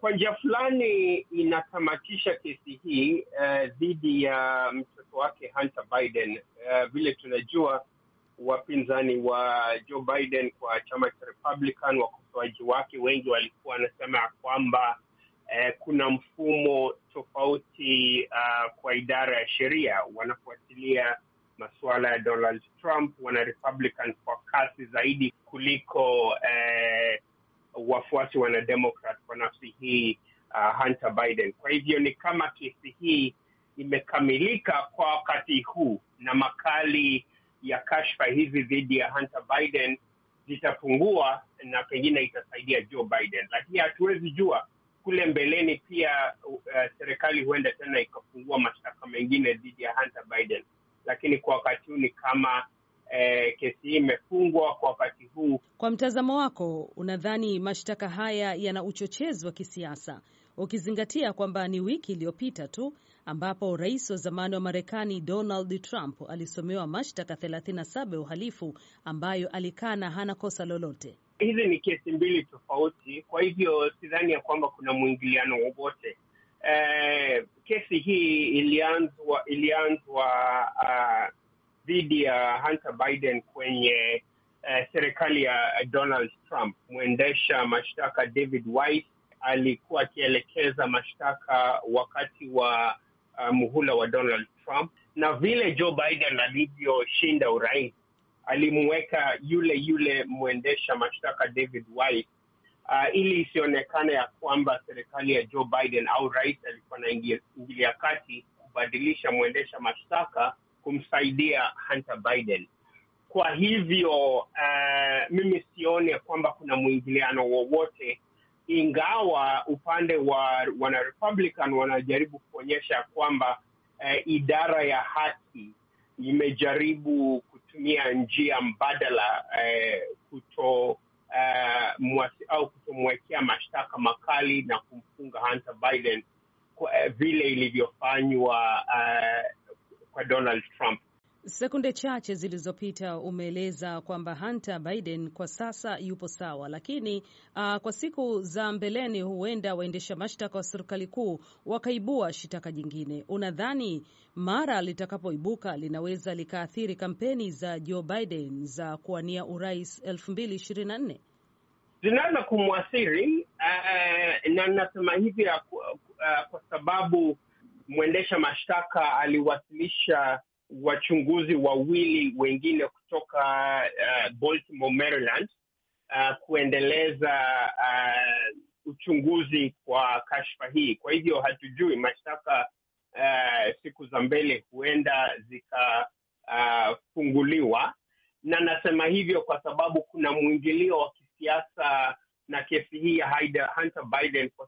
kwa njia fulani inatamatisha kesi hii eh, dhidi uh, ya mtoto wake Hunter Biden. Uh, vile tunajua wapinzani wa Joe Biden kwa chama cha Republican, wakosoaji wake wengi walikuwa wanasema ya kwamba uh, kuna mfumo tofauti uh, kwa idara ya sheria, wanafuatilia masuala ya Donald Trump wana Republican kwa kasi zaidi kuliko uh, wafuasi wana Democrat kwa nafsi hii uh, Hunter Biden. Kwa hivyo ni kama kesi hii imekamilika kwa wakati huu, na makali ya kashfa hizi dhidi ya Hunter Biden zitapungua na pengine itasaidia Joe Biden, lakini hatuwezi jua kule mbeleni pia uh, serikali huenda tena ikafungua mashtaka mengine dhidi ya Hunter Biden, lakini kwa wakati huu ni kama eh, kesi hii imefungwa kwa kwa mtazamo wako, unadhani mashtaka haya yana uchochezi wa kisiasa ukizingatia kwamba ni wiki iliyopita tu ambapo rais wa zamani wa Marekani Donald Trump alisomewa mashtaka 37 ya uhalifu ambayo alikana hana kosa lolote? Hizi ni kesi mbili tofauti, kwa hivyo sidhani ya kwamba kuna mwingiliano wowote. Eh, kesi hii ilianzwa ilianzwa ah, dhidi uh, ya Hunter Biden kwenye Eh, serikali ya eh, Donald Trump. Mwendesha mashtaka David Weiss alikuwa akielekeza mashtaka wakati wa uh, muhula wa Donald Trump, na vile Joe Biden alivyoshinda urais alimweka yule yule mwendesha mashtaka David Weiss uh, ili isionekane ya kwamba serikali ya Joe Biden au rais alikuwa anaingilia kati kubadilisha mwendesha mashtaka kumsaidia Hunter Biden. Kwa hivyo uh, mimi sione kwamba kuna mwingiliano wowote, ingawa upande wa wana Republican wanajaribu kuonyesha kwamba uh, idara ya haki imejaribu kutumia njia mbadala uh, kuto Uh, mwasi, au kutomwekea mashtaka makali na kumfunga Hunter Biden kwa, uh, vile ilivyofanywa uh, kwa Donald Trump. Sekunde chache zilizopita umeeleza kwamba Hunter Biden kwa sasa yupo sawa, lakini uh, kwa siku za mbeleni huenda waendesha mashtaka wa serikali kuu wakaibua shitaka jingine. Unadhani mara litakapoibuka linaweza likaathiri kampeni za Joe Biden za kuwania urais 2024? Zinaweza kumwathiri uh, na ninasema hivi uh, kwa sababu mwendesha mashtaka aliwasilisha wachunguzi wawili wengine kutoka uh, Baltimore, Maryland uh, kuendeleza uh, uchunguzi kwa kashfa hii. Kwa hivyo hatujui mashtaka uh, siku za mbele huenda zikafunguliwa, uh, na nasema hivyo kwa sababu kuna mwingilio wa kisiasa na kesi hii ya Hunter Biden kwa